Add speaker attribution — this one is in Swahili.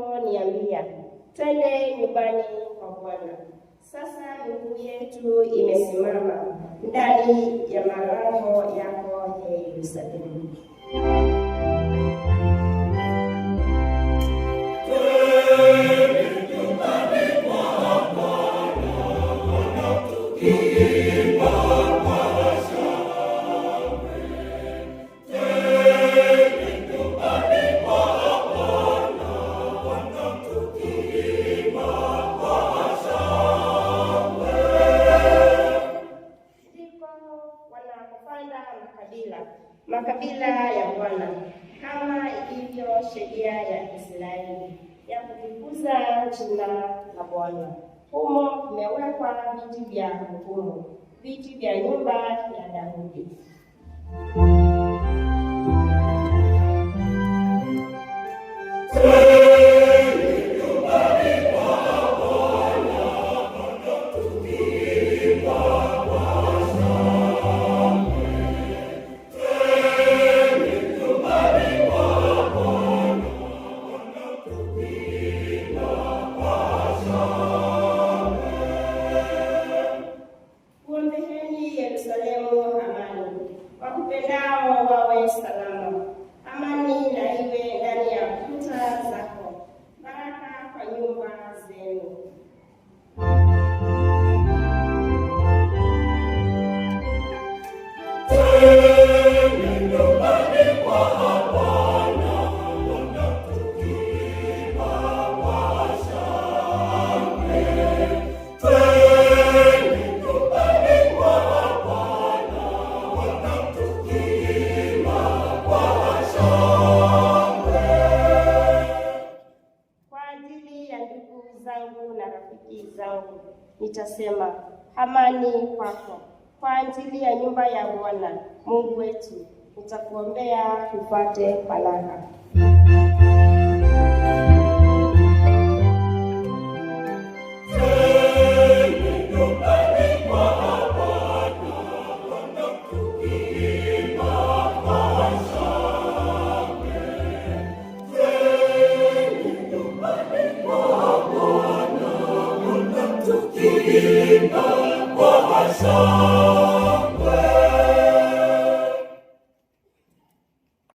Speaker 1: aliponiambia twende nyumbani kwa Bwana. Sasa miguu yetu imesimama ndani ya malango yako, ya Yerusalemu. Yeah. makabila ya Bwana kama ilivyo sheria ya Israeli ya kutukuza jina la Bwana. Humo vimewekwa viti vya hukumu, viti vya nyumba ya Daudi.
Speaker 2: Yerusalemu amani, wakupendao wawe salama. Amani na iwe ndani ya kuta zako, baraka kwa nyumba zenu.
Speaker 1: wangu, nitasema amani kwako. Kwa ajili ya nyumba ya Bwana Mungu wetu nitakuombea upate baraka. kuimba kwa hasa